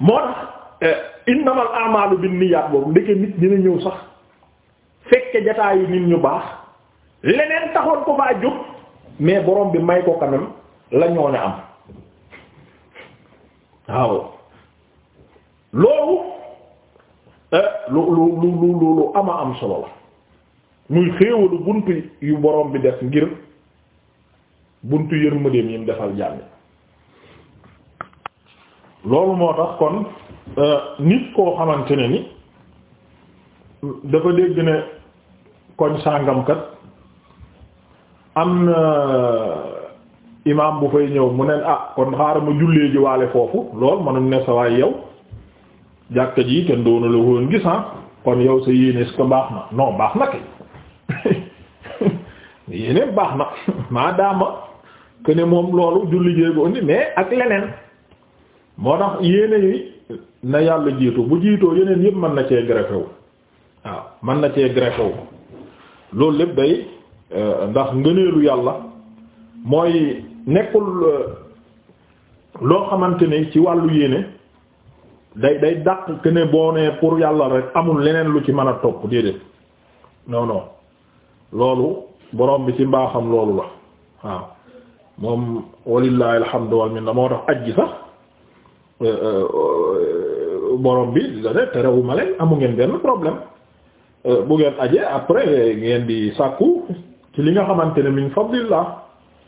moo tax eh, innamal a'malu binniyat boobu ndeke nit dina ñëw sax fekke jataayu nit ñu baax leneen taxoon ko faa mais borom bi may ko kanam la ñoo ne am waaw loolu eh, lu lu lu lu lu ama am solo la muy xéewalu buntu yu borom bi def ngir buntu yërmandeem yi mu defal jàmm. loolu moo tax kon euh, nit koo xamante ne ni dafa dégg ne koñ sàngamkat am na imaam bu fay ñëw mu ne ah kon xaaral ma jullee ji waale foofu lool manum ne sa waay yow jàkka ji kenn doonu la woon gis ah, kon yow sa yéene est-ce baax na non baax na kay yéene baax na maa daama que moom loolu julli jéego indi mais ak leneen moo tax yéene yi na yàlla jiitu bu jiitoo yeneen yépp mën na cee greffé wu waaw mën na cee greffé loolu lépp day euh, ndax ngëneelu yàlla mooy nekkul euh, loo xamante ni ci wàllu yéene day day dàq que ne boo nee pour yàlla rek amul yeneen lu ci mën a topp déedéet non non loolu borom bi ci mbaaxam loolu la waaw moom walillahi alhamdu wal minna moo tax aji sax. Euh, euh, euh, borom bi da terewuma leen amu ngeen benn problème bu ngeen aje après ngeen di sàkku ci li nga xamante ne min fadlillah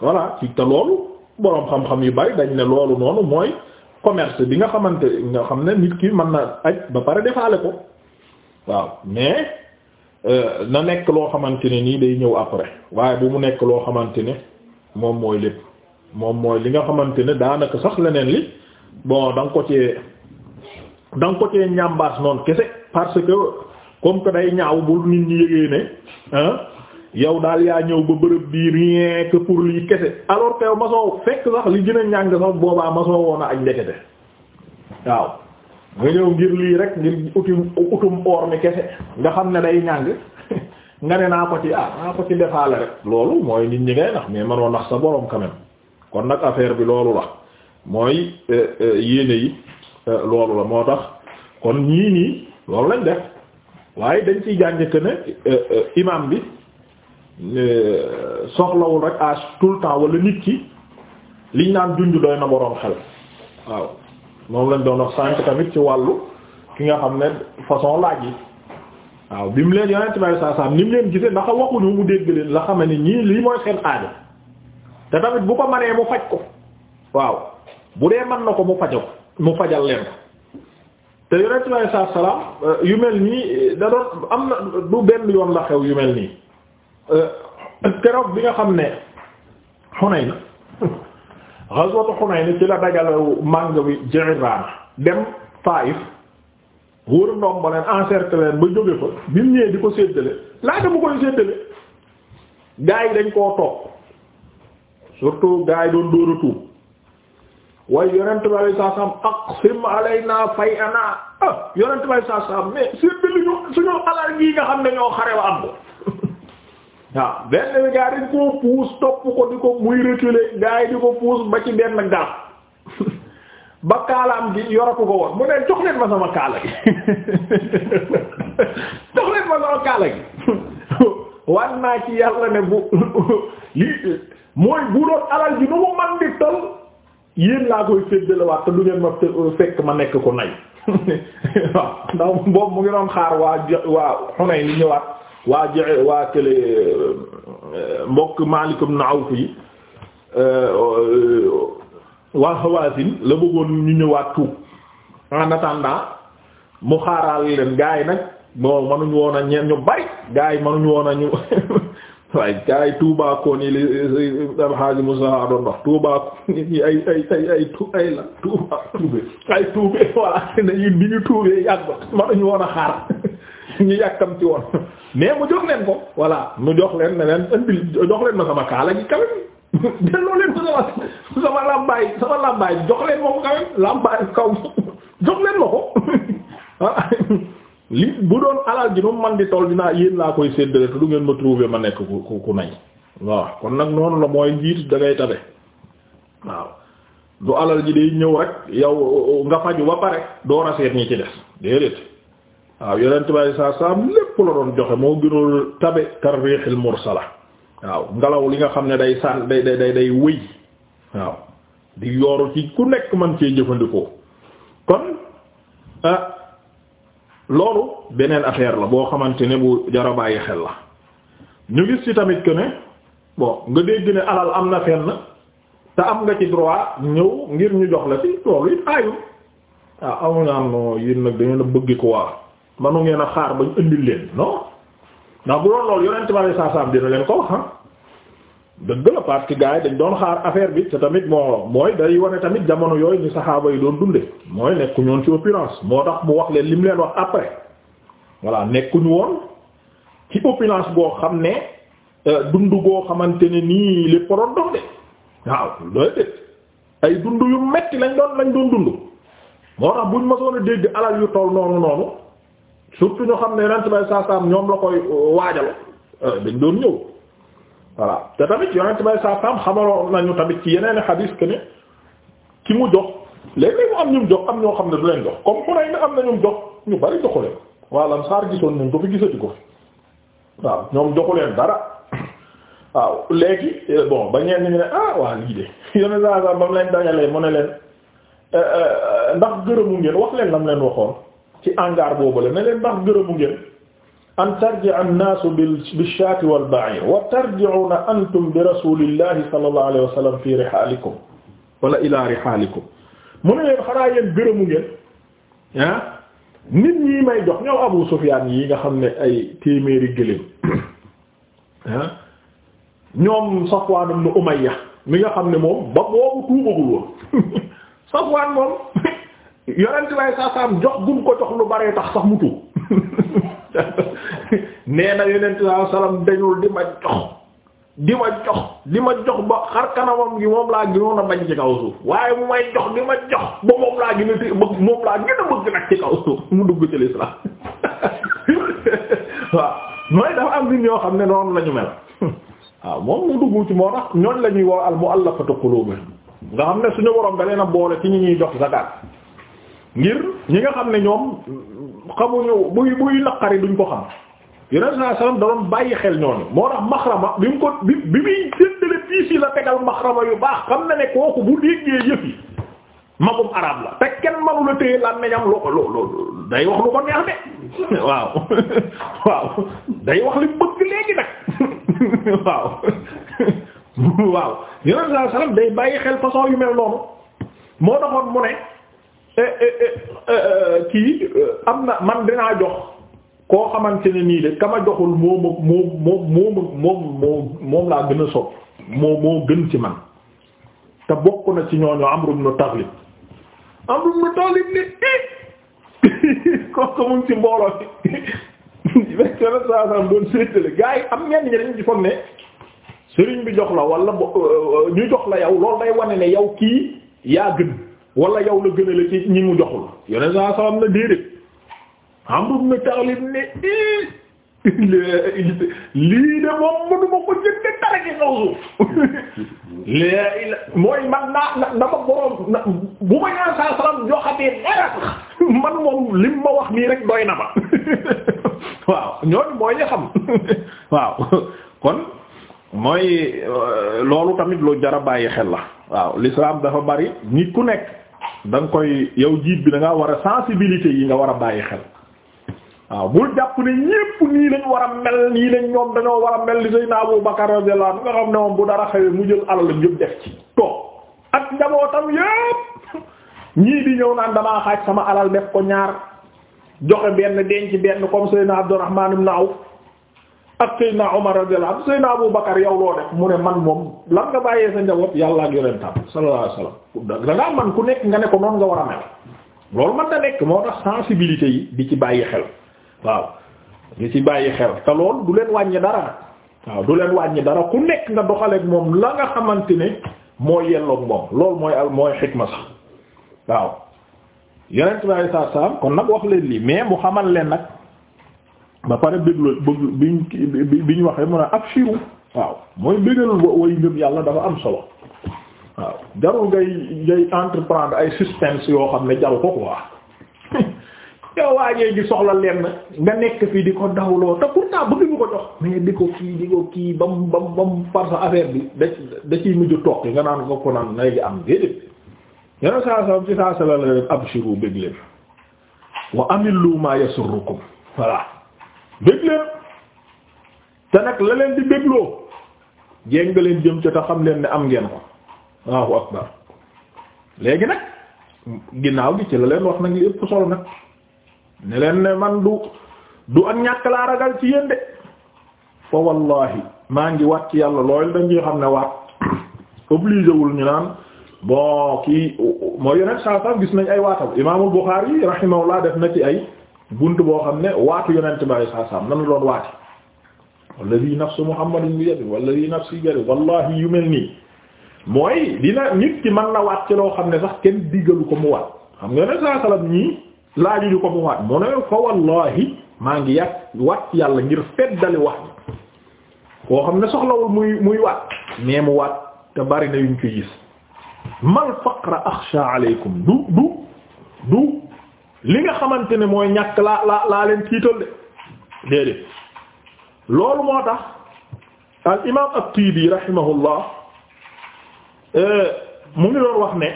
voilà ci te loolu boroom xam-xam yu bari dañ ne loolu noonu mooy commerce bi nga xamante nga xam ne nit ki mën na aj ba pare defaale ko waaw mais na nekk loo xamante ne nii day ñëw après waaye bu mu nekk loo xamante ne moom mooy lépp moom mooy li nga xamante ne daanaka sax leneen li bon da nga ko cee da nga ko cee ñambaas noonu kese parce que comme que day ñaaw bu nit ñi yëgee ne yow daal yaa ñëw ba bërëb bi rien que pour lii kese alors que yow ma soo fekk sax li gën a ñàng sax boobaa ma soo woon ak ndekete waaw nga ñëw ngir lii rek ngir utum utum mi kese nga xam ne day ñàng nga ne naa ko ci ah naa ko ci defaale rek loolu mooy nit ñi ngay ndax mais mënoo nax sa borom quand kon nag affaire bi loolu la. mooy euh, euh, yéene yi euh, loolu la moo tax kon ñii nii loolu lañ de waaye dañ ciy jàng ne imam bi soxlawul rek à tout le temps wala nit ki liñ naan junj doy na boroom xel waaw moom lañ doon wax sànq tamit ci wàllu ki nga xam ne façon laaj yi waaw bi mu leen yonent bi saa saa ni mu leen gisee ndax waxuñu mu dégg leen la xam ne ñii lii mooy seen aada te tamit bu ko manee mu faj ko waaw. bu dee man na ko mu fajo mu fajal leen ko te yonent bi alayhi salaam euh, yu mel nii euh, da doon am na du benn yoon la xew yu mel nii euh, keroog bi nga xam ne Hunayn ghazwatu Hunayn ci la dajalewu màng bi Jirana dem Taif wóor ndoom ba leen encercler ba jóge fa bi ñëwee di ko séddale laata mu koy séddale gaa dañ koo toog surtout gaa doon dóor waaye yonent bi alayhi salaam aqsim alaynaa fayanaa ah yonent bi alayhi salaam mais séddale ñu suñu alal gi nga xam ne ñoo xare wa am ko waaw benn bi gaa di ko puus topp ko di ko muy reculer gaa yi di ko puus ba ci benn gaaf ba kaalaam gi yoratu ko woon mu ne jox leen ma sama kaala gi jox leen ma sama kaala gi wan naa ci yàlla ne bu lii mooy bu alal ji nu mu man di tol yéen laa koy séddalewaat te du ngeen ma fekk ma nekk ko nay waaw ndax boobu mu ngi xaar waa waa Hunayn li ñëwaat waa ji waa kële euh, mbokk Maalik ibn Awf yi euh, waa Hawaazin la bëggoon ñu ñëwaat tuub mu xaaraal leen gaa yi nag bon manuñu woon a ñeent ñu bari gaa yi manuñu woon a ñu waaye gars yi tuubaakoon yi li alxaaji Musaa doon wax tuubaakoon yi ay ay ay ay tu ay la tuuba tuube ay tuube na ñun bi ñu tuubee yàgg mënuñu woon a xaar ñu yàkkam ci woon mais mu jox leen ko voilà mu jox leen ne leen indil jox ma sama kaala gi kawem delloo leen ma sama sama làmbaay sama làmbaay jox leen ma ko kawem làmbaay kaw jox leen ma ko ah li bu doon alal ji moom man di tool dinaa yéen laa koy séddale te du ngeen ma trouver ma nekk ku ku nay waaw kon nag noonu la mooy njiit da ngay tabe waaw du alal ji day ñëw rek yow nga faju ba pare doo a seet ñi ci des déedéet waaw yonent bi saa saam lépp la doon joxe moo gënal tabe karrihil mursala waaw ngelaw li nga xam ne day sànn day day day day wëy waaw di yooru ci ku nekk man cee jëfandikoo kon ah, loolu beneen affaire la boo xamante ne bu jara xel la ñu gis ci tamit que ne bon nga dégg ne alal am na fenn te am nga ci droit ñëw ngir ñu jox la ci loolu it aayul waaw ah, amu nga am nag dangeen a bëgg ko waa manu ngeen a xaar bañ indil leen non ndax bu doon loolu yonent bi sallallahu alayhi wasallam dina leen ko wax ah. dëgg la parce que gars yi dañ doon xaar affaire bi te tamit moo mooy day wane tamit jamono yooyu ni saxaaba yi doon dunde mooy nekkuñu woon ci opulence moo tax mu wax leen li mu leen wax après voilà nekkuñu woon ci opulence goo xam ne euh, dund goo xamante ni nii lépp doon dox de waaw looy dét ay dund yu metti lañ doon lañ doon dund moo tax buñ mësoon a dégg alal yu toll noonu noonu surtout ñu xam ne rent bay saasaam ñoom la koy waajal euh, dañ doon ñëw voilà te tamit yonent bay saa saam xamaloon nañu tamit ci yeneen xadiis que ne ki mu jox léeg-léeg mu am ñu jox am ñoo xam ne du leen jox comme ku ne am na ñu jox ñu bari joxu leen waaw lan saar gisoon nañ ko fi gisati ko fi waaw ñoom joxu leen dara waaw léegi euh, bon ba ñeen ñu ne ah waa lii de yonent saa saam ba mu leen dajalee mu ne leen euh, euh, ndax gërëmu ngeen wax leen lam leen waxoon ci angaar boobu la ne leen ndax gërëmu ngeen an tarji'a an-naasu bish-shaati wal-ba'iir wa tarji'uuna antum bi rasuulillaahi sallallaahu alayhi wa sallam fii rihaalikum wala ilaa rihaalikum mu ne leen xanaa yéen gërëmu ngeen ah nit ñi may jox ñow Abu Sufyaan yi nga xam ne ay téeméeri gëléem ah ñoom Safwaan ibn Umayya mi nga xam ne moom ba boobu tuubagul woon Safwaan moom yonent lay saasaam jox gum ko jox lu baree tax sax mu tuub nee na yonent saa salaam dañul di ma jox di ma jox di ma jox ba xar kanamam gi moom laa gënoon a bañ ci kaw suuf waaye mu may jox di ma jox ba moom laa gën a bëgg nag ci kaw suuf mu dugg ci lislaam waaw mooy dafa am nit ñoo xam ne noonu lañu mel waaw moom mu dugg ci moo tax ñooñ la ñuy mu al mu'allafatu qulubuhum nga xam ne suñu borom da leen a boole ci ñi ñuy jox zakat ngir ñi nga xam ne ñoom xamuñu buy buy naqari duñ ko xam yeneen saa salaam da doon bàyyi xel ñooñu moo tax maxrama bi mu ko bi bi muy séddale piis yi la tegal maxrama yu baax xam na ne kooku bu déggee yëf yi magum arab la te kenn manu la téye lan nañam loo loo loo day wax lu ko neex de waaw waaw day wax li bëgg léegi nag waaw waaw yeneen saa salaam day bàyyi xel façon yu mel noonu moo taxoon mu ne Eh, eh, eh, kii am na man dinaa jox koo xamante ne nii de kama joxul moom moom moom moom moom laa gën a sopp moo moo gën ci man te bokk na ci ñooñu Amru ibn Taghlib Amru ibn Taghlib mu ci mbooloo bi rek sala sasan yi am ñenn ñi dañu ci foog ne sëriñ bi jox la wala euh, ñu jox la yow loolu day wane ne yow kii yaa gën wala yow la gënale ci ñi mu joxul yoneen saa salaam na déedéet Amru ibn Taghlib ne lii de moom mënuma ko jënd dara ci kaw suuf léegi mooy man naa na ma boroom bu ma ñaan saa joxatee man moom lim ma wax nii rek doy na ma waaw ñooñu mooy ñu xam waaw kon mooy euh, loolu tamit lu jara bàyyi xel la waaw l'islam dafa bari nit ku nekk. danga koy yow jiit bi da ngaa war a sensibilité yi nga war a bàyyi xel waaw bul jàpp ne ñépp nii lañ war a mel nii lañ ñoom dañoo war a mel li Seydina Abu Bakar radiyallahu anhu nga xam ne moom bu dara xewee mu jël alalam yëpp def ci toog ak njabootam yépp ñii di ñëw naan damaa xaaj sama alal def ko ñaar joxe benn denc benn comme Seydina Abdurrahman ibn Awf ak Seydina Omar radiyallahu anhu Seydina Abu Bakar yow loo def mu ne man moom lan nga bàyyee sa njaboot yàlla ak yonentam sallallahu alayhi wasallam da ngaa man ku nekk nga ne ko noonu nga war a mel loolu man da nekk moo tax sensibilité yi bi ci bàyyi xel waaw di ci bàyyi xel te lool du leen wàññi dara waaw du leen wàññi dara ku nekk nga doxaleek moom la nga xamante ne moo yelloog moom lool mooy al mooy xikma sax waaw yonent bi sallallahu alayhi mu xamal leen nag. ba pare bégloo bëgg biñ wax waxee mun a abshiru waaw mooy bégal way ngëm yàlla dafa am solo waaw jarul ngay ngay entreprendre ay suspense yoo xam ne jaru ko quoi yow waajee gi soxla lenn nga nekk fii di ko dawloo te pourtant bëgg ñu ko jox mais di ko kii di ko kii bam bam bam par sa affaire bi da da ciy mujj toog nga naan ko ko naan léegi am déedéet yeneen saa saa ci saa saa la la abshiru bég leen wa amillu ma yasurrukum voilà bég leen te nag la leen di bégloo jéng leen jëm ca te xam leen ne am ngeen ko waaw akbar léegi nag ginnaaw gi ci la leen wax nag li ëpp solo nag ne leen ne man du du ak ñàkk laa ragal ci yéen de fa wallahi maa ngi waat ci yàlla loolu dañuy xam ne waat obligé wul ñu naan bon kii moo yeneen saa saa gis nañ ay waatam imaamul Bukhari laa def na ci ay bunt boo xam ne waatu yonent bi saa saam nan la doon waati wallahi nafsu muhammadin bi yadi wallahi nafsi yadi yu mel nii mooy dina nit ki mën na waat ci loo xam ne sax kenn diggalu ko mu waat xam nga ne saa salam ñii laajuñu ko mu waat mu ne fa wallahi maa ngi yàq waat yàlla ngir feddali wax koo xam ne soxlawul muy muy waat mais mu waat te bari na ñu ci gis mal faqra axsha alaykum du du du li nga xamante ne mooy ñàkk laa laa laa leen tiital de déedéet loolu moo tax al imaam at-Tiibi rahimahullah eh, mu ngi doon wax ne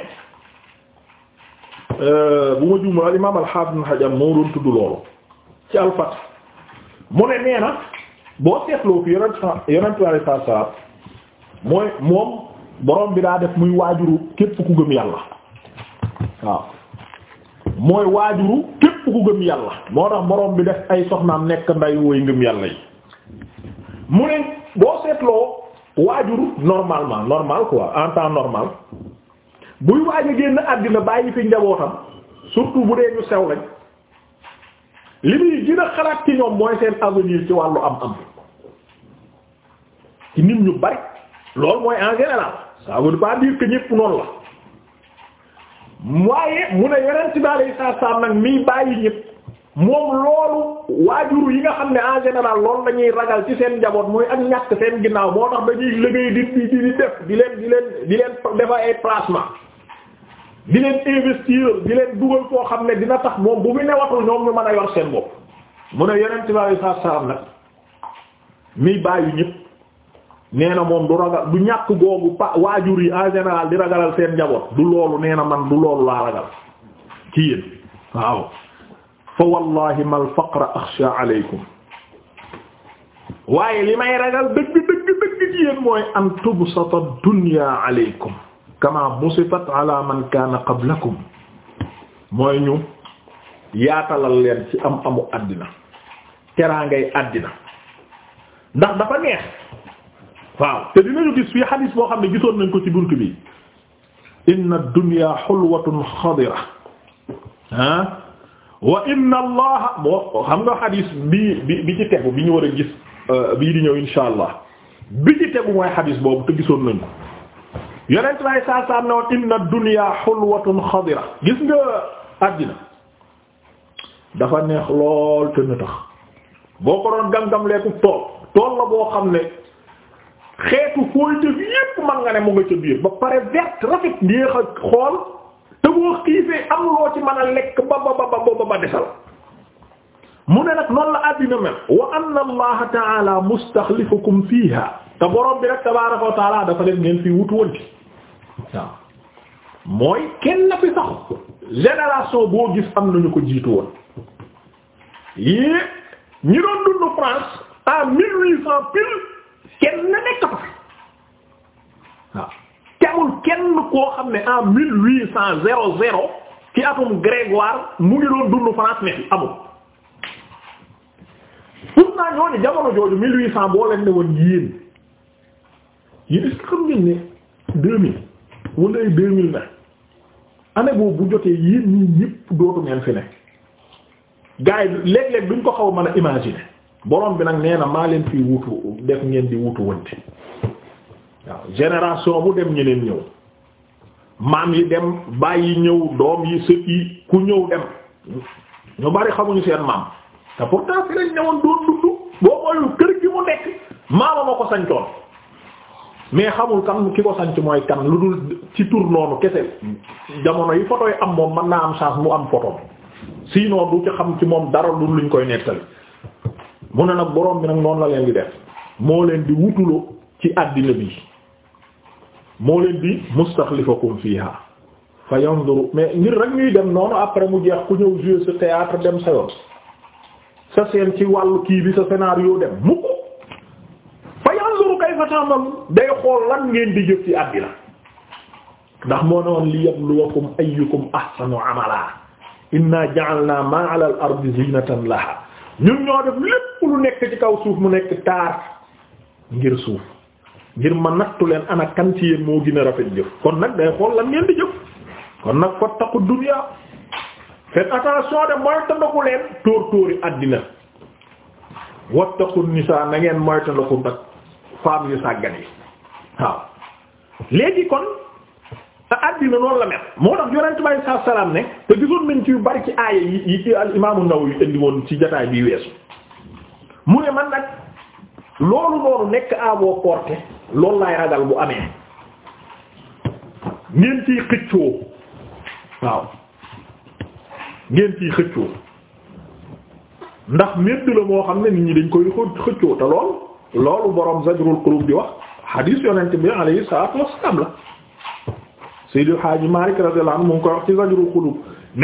eh, bu ma juumul al imaam al-Haafiz Ibn Hajar moo doon tudd loolu ci al mu ne nee na boo seetloo fi yonent yonent Yàlla saa saa mooy moom borom bi daa def muy waajuru képp ku gëm yàlla waaw. mooy waajuru képp ku gëm yàlla moo tax borom bi def ay soxnaam nekk nday woy ngëm yàlla yi mu ne boo seetloo waajur normalement normal quoi en temps normal buy waaj a génn àddina bàyyi fi njabootam surtout bu dee ñu sew lañ li muy gën a xalaat ci ñoom mooy seen avenir ci wàllu am-am ci nit ñu bari loolu mooy en général ça veut pas dire que ñépp noonu la waaye mu ne yonent bi alayhi salaam nag miy bàyyi ñëpp moom loolu waajur yi nga xam ne en général loolu dañuy ragal ci seen njaboot mooy ak ñàkk seen ginnaaw boo tax dañuy liggéey di di di def di leen di leen di leen defa ay placement di leen investir di leen dugal koo xam ne dina tax moom bu fi newatul ñoom ñu man a yor seen bopp mu ne yonent bi alayhi salaam nag miy bàyyi ñëpp. nee na moom du ragal du ñàkk googu pa waajur yi en général di ragalal seen njaboot du loolu nee na man du loolu laa ragal ci yéen waaw fa wallahi mal faqra axsha aleykum waaye li may ragal dëgg dëgg dëgg ci yéen mooy an tubsata dunya aleykum kama busitat ala man kaana qablakum mooy ñu yaatalal leen ci am amu àddina teraangay àddina ndax dafa neex waaw te dinañu gis fii xadiis boo xam ne gisoon nañ ko ci bunt bi inna ad-dunya hulwatun xadira ah wa inna allaha boo xam nga xadiis bi bi bi bi ñu war a gis euh, bii di ñëw insha allah bi ci tegu mooy xadiis boobu te gisoon nañ ko yonent lay saa saa ne woon inna ad xadira gis nga àddina dafa neex lool te ñu tax boo ko doon gam-gam leeku tool tool boo xam ne xeetu fooyte bi yépp mën nga ne mu nga ca biir ba pare vert rafet ndeex a xool te boo xiifee am ci mën a lekk ba ba ba ba ba desal mu ne nag noonu la àddina mel wa anna allaha taala mustaxlifukum fiiha te borom bi rek tabaaraka wa dafa leen ngeen fii wutu woon mooy kenn na fi sax génération boo gis am nañu ko jiitu woon yii ñi doon dund France en mille huit cent kenn nekkatu fi waaw te kenn koo xam ne en mille huit cent zéro zéro ci atum Grégoire mu ngi doon dund France ne amul pourtant ñooñu jamono jooju mille huit cent boo leen ne woon yéen yéen est-ce que xam ngeen ne deux mille wala deux mille na année boobu bu jotee yéen ñi ñëpp dootu ngeen fi ne gars yi léeg duñ ko xaw a mën a imaginer borom bi nag nee na maa leen fii wutu def ngeen di wutu wante waaw génération bu dem ñeneen ñëw maam yi dem bàyyi yi ñëw doom yi sët ku ñëw dem ñu bari xamuñu seen maam te pourtant fi lañ newoon doon dundu boo mooyul kër gi mu nekk maama ma ko sancoon mais xamul kan ki ko sanc mooy kan lu dul ci tur kese jamono yi photo yi am moom mën naa am chance mu am photo sinon du ci xam ci moom dara lu luñ koy nettali mu ne nag borom bi nag noonu la leen di def moo leen di wutuloo ci àddina bi moo leen di mustaxlifakum fiha fa yanzuru mais ngir rek ñuy dem noonu après mu jeex ku ñëw jouer sa théâtre dem sa yoon sa seen ci wàllu kii bi sa scénario dem mukk fa yanzuru kayfa ta'malu day xool lan ngeen di jëf ci àddina ndax moo noon woon liyabluwakum ayyukum ahsanu amala inna ja'alna ma 'ala al laha ñun ñoo def lépp lépp lu nekk ci kaw suuf mu nekk taar ngir suuf ngir ma nattu leen ana kan ci yéen moo gën a rafet jëf kon nag day xool lan ngeen di jëf kon nag fattaqu dunya faites attention àddina wattaqu nisaa na ngeen moytandiku nag femme yu sàggan yi waaw léegi kon a àddina noonu la mel moo tax yonent bi sallallahu alayhi ne te gisoon nañ ci yu bari ci aaya yi yi al imaamu Nawawi indi woon ci jotaay bi weesu mu ne man nag loolu noonu nekk à vos portées loolu laay ragal bu amee ngeen ciy xëccoo waaw ngeen ciy xëccoo ndax médd la moo xam ne nit ñi dañ koy xëccoo te lool loolu borom zajrul qulub di wax hadis yonent bi alayhi salaatu wassalaam la Seydi Haaji Maalik radiyallahu anhu koy wax ci zajrul qulub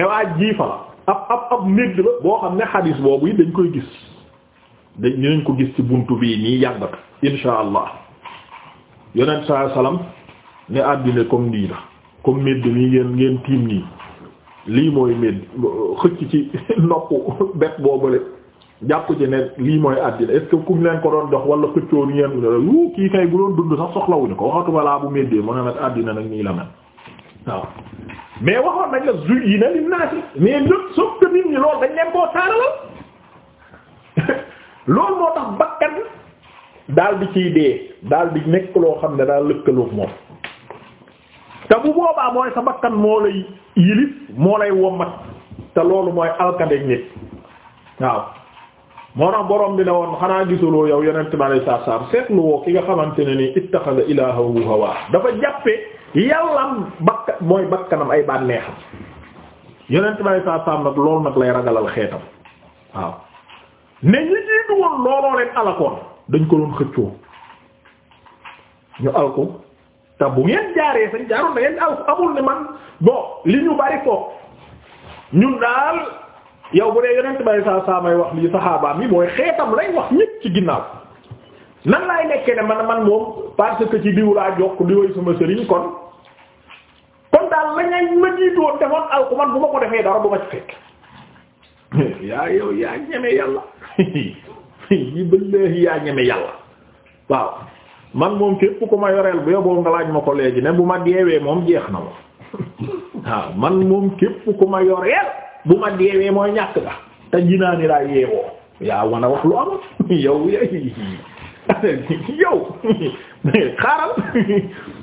waa jiifa la ab ab ab la boo xam ne hadis boobu yi dañ koy gis dañ dinañ ko gis ci bunt bii nii yàggat insha allah yonent saa salaam ne àddina comme nii comme medd mi ngeen ngeen tiim nii lii mooy medd xëcc ci nopp bet boobale jàpp ci ne lii mooy àddina est que kum leen ko doon jox wala xëccoo ni la yu kii kay bu doon dund sax soxlawuñu ko waxatu balaa bu meddee mu ne nag àddina nag nii la mel waaw mais waxoon nañ la zuyyina lin naasi mais lépp soog nit ñi loolu dañ leen koo taaralal loolu moo tax bakkan daal di ciy dee daal di nekk loo xam ne daal lëkkaloog moom te bu boobaa mooy sa bakkan moo lay yilif moo lay wommat te loolu mooy alkandeg nit waaw moo tax borom bi ne woon xanaa gisuloo yow yonent bi alayhi salaatu salaam seetlu woo ki nga xamante ne ni ittaxada ilaahahu waa dafa jàppe yàllam bakka mooy bakkanam ay bànneexam yonent bi alayhi salaatu salaam nag loolu nag lay ragalal xeetam waaw ne ñi jiitu woon looloo leen alakoon dañ ko loon xëccoo ñu alko te bu ngeen jaaree sañ jaaroon na ngeen alko amul ni man bon li ñu bari ko ñun daal yow bu dee yonent bari saa saa may wax lii saxaabaam yi mooy xeetam lay wax ñépp ci ginnaaw nan laay nekkee ne man man moom parce que ci diw laa jokk di sama sëriñ kon kon daal la ngay ma jiitoon defoon alko man bu ma ko defee dara bu ma fekk yaa yow yaa ñeme yàlla yi ballaahi yaa ñeme yàlla waaw man moom képp ku ma yoreel bu yoboo nga laaj ma ko léegi ne bu ma deewee moom jeex na moom waaw man moom képp ku ma yoreel bu ma deewee mooy ñàkk ba te jinaa ni laa yeewoo yaa wan a wax lu amut yow yow xaaral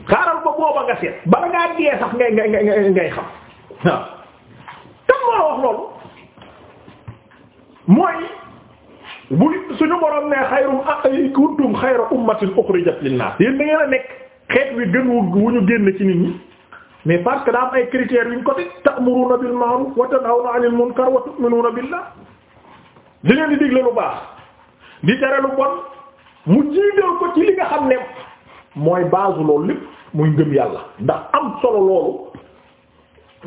xaaral ba booba nga seet bala ngaa dee sax ngay ngay ngay ngay xam waaw tam moo wax loolu mooy bu suñu borom ne xayrum ak kuntum xayra ummatin ukhrijat linnaas yéen da ngeen a nekk xeet wi gën wu ñu génn ci nit ñi mais parce que daa am ay critères yuñ ko teg ta'muruna bil ma'ruf wa tanhawna 'anil munkar wa tu'minuna billah li leen di digle lu baax li tere lu bon mu jiidal ko ci li nga xam ne mooy base loolu lépp muy ngëm yàlla ndax am solo loolu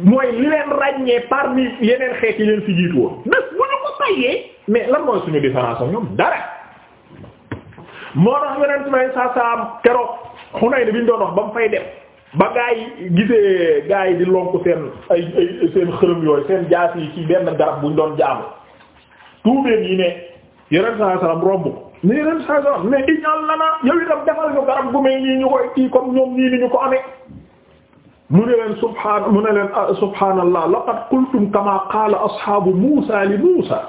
mooy li leen ràññee parmi yeneen xeet yi leen fi jiitu woon. bés bu ñu ko bàyyee. mais lan mooy suñu différence ak ñoom dara moo tax yeneen may sa sa keroog Hunayn bi ñu doon wax ba mu fay dem ba gaa yi gisee gaa yi di lonk seen ay ay seen xërëm yooyu seen jaas yi ci benn garab bu ñu doon jaamu tuubeen yi ne yeneen sa sa romb ko ne yeneen sa sa mais iñal lana defal ñu garab bu nii ñu koy kii comme ñoom nii ni ñu ko amee mu ne leen subhaan mu ne leen ah subhaanallah laqad qultum kama qaala ashaabu Muusa li Muusa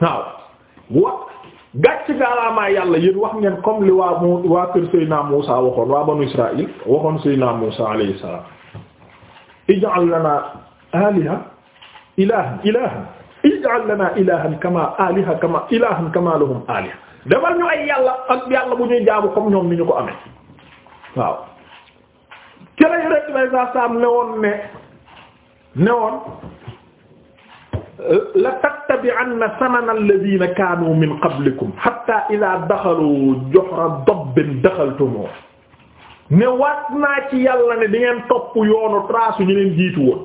waaw gàcc gaalaamaa yàlla yéen wax ngeen comme li waa mu waa kër Seydina Muusa waxoon waa banu Israaïl waxoon Seydina Muusa alayhi salaam ij'al lana aliha ilahan ilahan ij'al lana ilahan kama aliha kama ilahan kama lahum aliha defal ñu ay yàlla ak yàlla bu ñuy jaamu comme ñoom ni ñu ko amee waaw kene yu rek lay sa sam ne woon ne ne woon la tattabi'anna sanana alladhina kaanu min qablikum hatta idha dakhalu juhra dabbin dakhaltumuh ne waat naa ci yàlla ne di ngeen topp yoonu trace ñu leen jiitu woon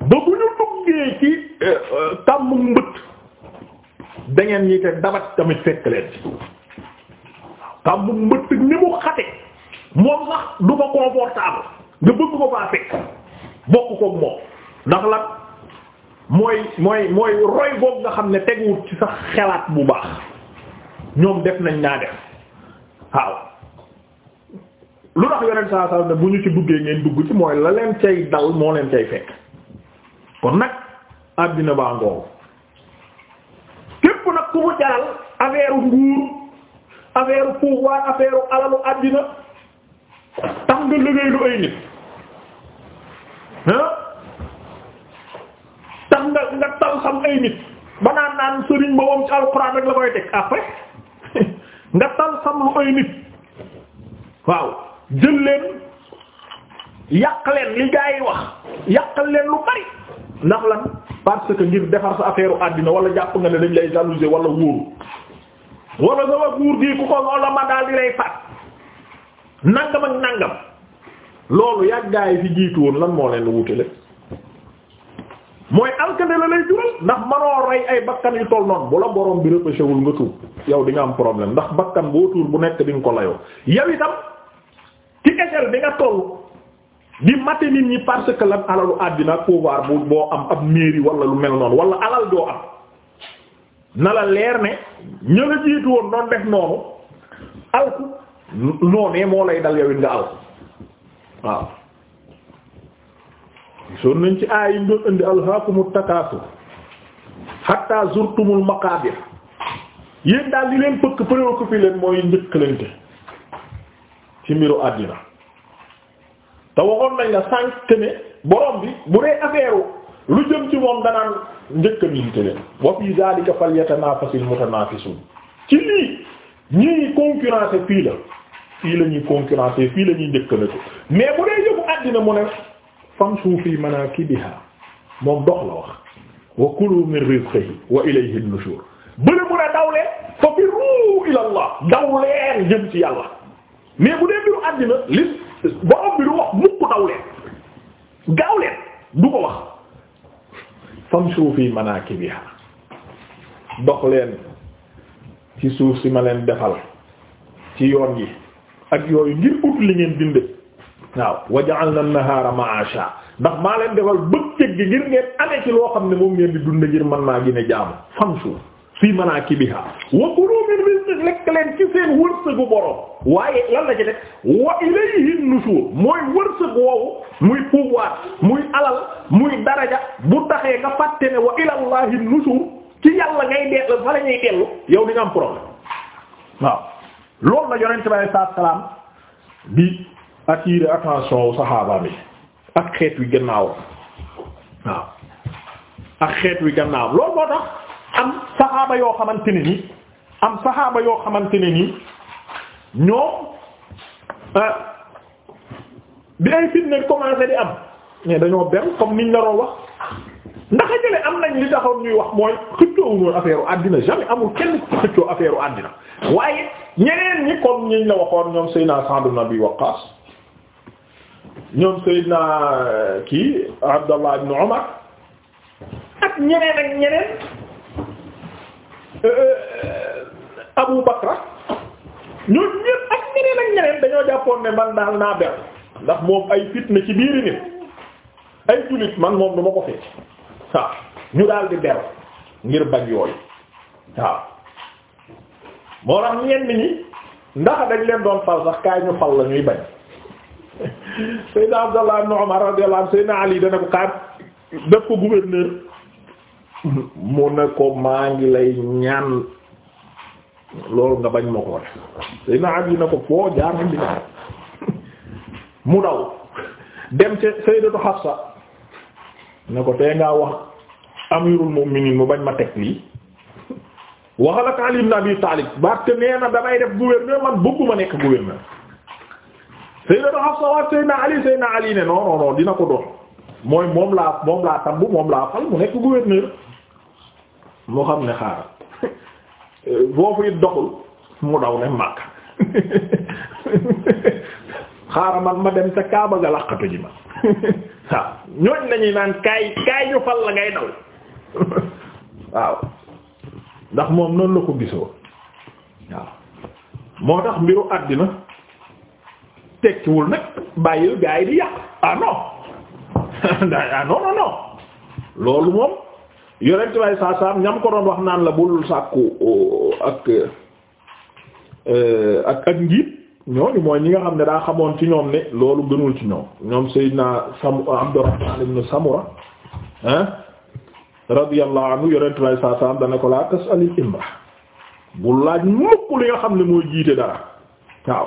ba bu ñu duggee ci kàmmu euh, euh, mbët da ñi te dabat tamit fekk leen ci kàmmu ni mu xate moom sax du ko confortable nga bëgg ko faa fekk bokk koog moom la mooy mooy mooy roy boobu nga xam ne teguwut ci sax xelaat bu baax ñoom def nañ naa def waaw lu tax yonent saa saa ne bu ñu ci duggee ngeen dugg ci mooy laleen leen cay dal moo leen cay fekk kon nag àddina baa ngoogu képp nag ku mu jaral affaire nguur affaire pouvoir affaire alalu àddina tax nga liggéey lu ay nit hein tax nga nga tal xam ay nit ba naan naan sëriñ ba moom ci alxuraan rek la koy teg après nga tal xam lu ay nit waaw jël leen yàq leen li gaa yi wax yàqal leen lu bari ndax lan parce ngir defar sa affaire u àddina wala jàpp nga ne dañ lay jalouser wala wóoru wala sama guur gi ku ko wala ma daal di lay faat nangam ak nangam loolu yàgg yi fi jiitu woon lan moo leen wutele mooy alkande la lay jural ndax manoo rey ay bakkan yu toll noonu bu la borom bi repêché wul nga tuub yow di nga am problème ndax bakkan boo tuur bu nekk di ko layoo yow itam ci échelle bi nga toll di mate nit ñi parce que lan alalu àddina pouvoir bu boo am ab mairie wala lu mel noonu wala alal doo am na la leer ne ña la woon doon def noonu alku noonee moo lay dal yow nga alku waaw gisoon nañ ci aay yi ñu doon indi alhaakumut takaasur hatta zurtumul maqaabir yéen daal li leen pëkk préoccupé leen mooy njëkkalante ci mbiru àddina te waxoon nañ la sànq ne borom bi bu dee affaire lu jëm ci moom danaan njëkkalante leen wa fi zalika falyatanafasil mutanafisun ci lii ñii concurrence fii la fii la ñuy concurrence fii la ñuy njëkkalante mais bu dee yëfu àddina mu ne famshu fi manakibiha moom dox la wax wa kulu min rizqihi wa ilayhi an-nushur bële mun a ila Allah daw jëm ci yàlla mais bu dee mbiru àddina li borom bi du wax mukk daw leen gaaw leen du ko wax famshu fi manakibiha dox leen ci suuf si ma leen defal ci yoon yi ak yooyu ngir ut li ngeen dinde waaw waja'alna an-nahaara ma'aasha ndax maa leen defal bëccëg gi ngir ngeen amee ci loo xam ne moom ngeen di dund ngir mën naa gën a jaamu famshu fii manaakibihaa wa kuluu min rizqihi lekk leen ci seen wërsëgu borom waaye lan ci def wa ilayhi an mooy wërsëg woowu muy pouvoir muy alal muy daraja bu taxee nga fàtte ne wa ilallaahi an ci yàlla ngay dellu fa la dellu yow di am problème waaw loolu la yonent bi alayhi salaam di attirer attention wu saxaaba bi ak xeet wi gannaaw waaw ak xeet wi gannaaw loolu moo tax am saxaaba yoo xamante ne ni am saxaaba yoo xamante ne ni ñoom euh, bi ay fitna commencé di am mais dañoo benn comme niñ la doon wax ndax jële am nañ li taxoon ñuy wax mooy xëccoowu noonu affaire u àddina jamais amul kenn xëccoo affaire u àddina waaye ñeneen ñi comme niñ la waxoon ñoom Seydina Sa'd ibn Abi Waqqas ñoom Seydina euh, kii Abdallah ibn Umar ak ñeneen ak ñeneen euh, euh, Abu Bakra ñoom ñëpp ak ñeneen ak ñeneen dañoo jàppoon ne man daal naa ber ndax moom ay fitna ci biiri nit ay jullit man moom duma ko fekk waaw ñu daal di ber ngir bañ yooyu waaw moo tax ñenn ñi ndax dañ leen doon fal sax kaay ñu fal la ñuy bañ Seydina Abdallah ibn Umar radiyallahu anhu Seydina Ali dana ko kaat def ko gouverneur mu ne ko maa ngi lay ñaan loolu nga bañ ma ko def Seydina Ali na ko foo jaar mu di mu daw dem ca Sayyidatu Hafsa ko tey ngaa wax amirul mu'minin mu bañ ma teg lii waxal ak Ali ibn Abi Talib parce que nee damay def gouverneur man bëgguma nekk gouverneur Sayyidatu Hafsa wa Sayyidina Ali Sayyidina Ali ne non non dina ko doon mooy moom laa moom laa tàmbu moom laa fal mu nekk gouverneur moo xam ne xaaral foofu it doxul mu daw ne Makka xaaral ma dem ca Kaaba ga laqatu ji ma waaw ñooñ lañuy naan kaay kaay ñu fal la ngay daw waaw ndax moom noonu la ko gisoo waaw moo tax mbiru àddina tekkiwul nag bàyyil gaa yi di yàq ah non ah non non loolu moom yonent bay ñam ko doon wax naan la bul sàkku uh, ak uh, ak ak njiit ñooñu mooy ñi nga xam ne daa xamoon ci ñoom ne loolu gënul ci ñoom ñoom Seydina Sam Abdurrahman ibn Samura ah, ko laa tas alil imra bul laaj mukk li nga xam ne mooy jiite dara waaw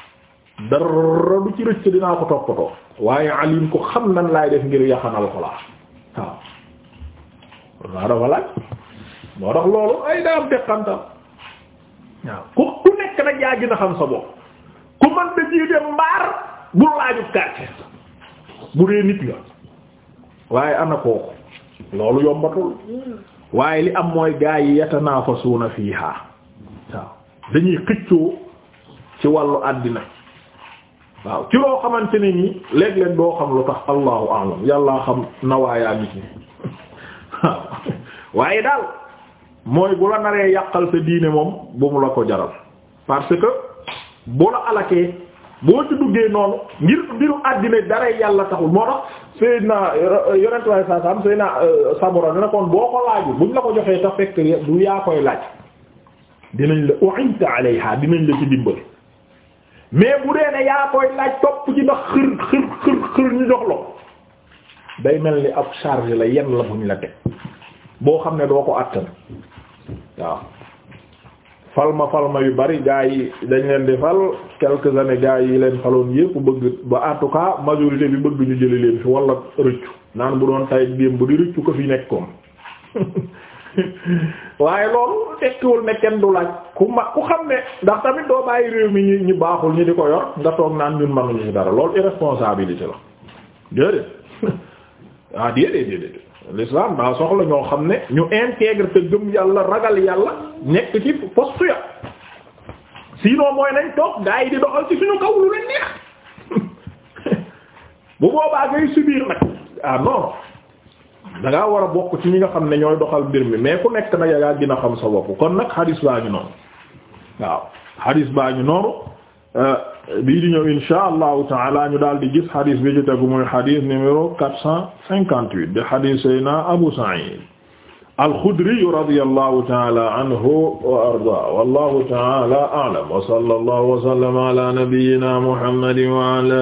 dara du ci rëcc dinaa ko toppatoo waaye alim ko xam nan laay def ngir yaxanal ko laa waaw laa dafa laaj moo tax loolu ay daa am teqantal waaw ku ku nekk nag yaa gën a xam sa bopp ku man da jiite mbaar bu laaju quartier bu dee nit nga waaye ana loolu yombatul waaye li am mooy gaa yi yatanaafasuuna fiihaa waaw dañuy xëccoo ci wàllu àddina waaw ci loo xamante ne nii léeg leen doo xam lu tax allahu a'lam yàllaa xam nawaayaa nit ñi waaw waaye daal mooy bu la naree yàqal sa diine moom bu mu la ko jaral parce que bu la alakee boo ci duggee noonu ngir mbiru àddina dara yàlla taxul moo tax Seydina yonent waaye saa saam Seydina euh, Samura dana kon boo ko laaju buñ la ko joxee te fekk du yaa koy laaj dinañ la u'inta alayha dinañ la ci dimbali mais bu dee ne yaa koy laaj topp ci ndax xër xër xër xër ñu jox la day mel ni ab charge la yenn la buñ la teg boo xam ne doo ko àttan waaw falma falma yu bari gaa yi dañ leen di fal quelques années gaa yi leen faloon yépp bëgg ba en tout cas majorité bi bëgg ñu jëli leen fi wala rëccu naan bu doon tay démb di rëccu ko fi nekkoon waaye loolu tekkiwul ne kenn du laaj ku ma ku xam ne ndax tamit doo bàyyi réew mi ñu ñu baaxul ñu di ko yor nga toog naan ñun mënuñu ñu dara loolu irresponsabilité la déedéet ah déedéet déedéet l'islam daa soxla ñoo xam ne ñu intègre te gëm yàlla ragal yàlla nekk ci postu ya sinon mooy nañ toog gaa yi di doxal ci suñu kaw lu leen neex bu boobaa ngay subir nag ah da ngaa war a bokk ci ñi nga xam ne ñooy doxal mbir mi mais ku nekk nag yaa gën a xam sa bopp kon nag xadis baa ñu noonu waaw xadis baa ñu noonu euh, bii di ñëw insha allahu taala ñu daal di gis xadis bi ci tegu muy xadis numéro quatre cent cinquante huit de xadis sayna Abu Sa'id al-Khudri radiyallahu taala anhu wa ardaahu wallahu taala a'lam wa sallallahu wa sallama ala nabiyyina Muhammadin wa ala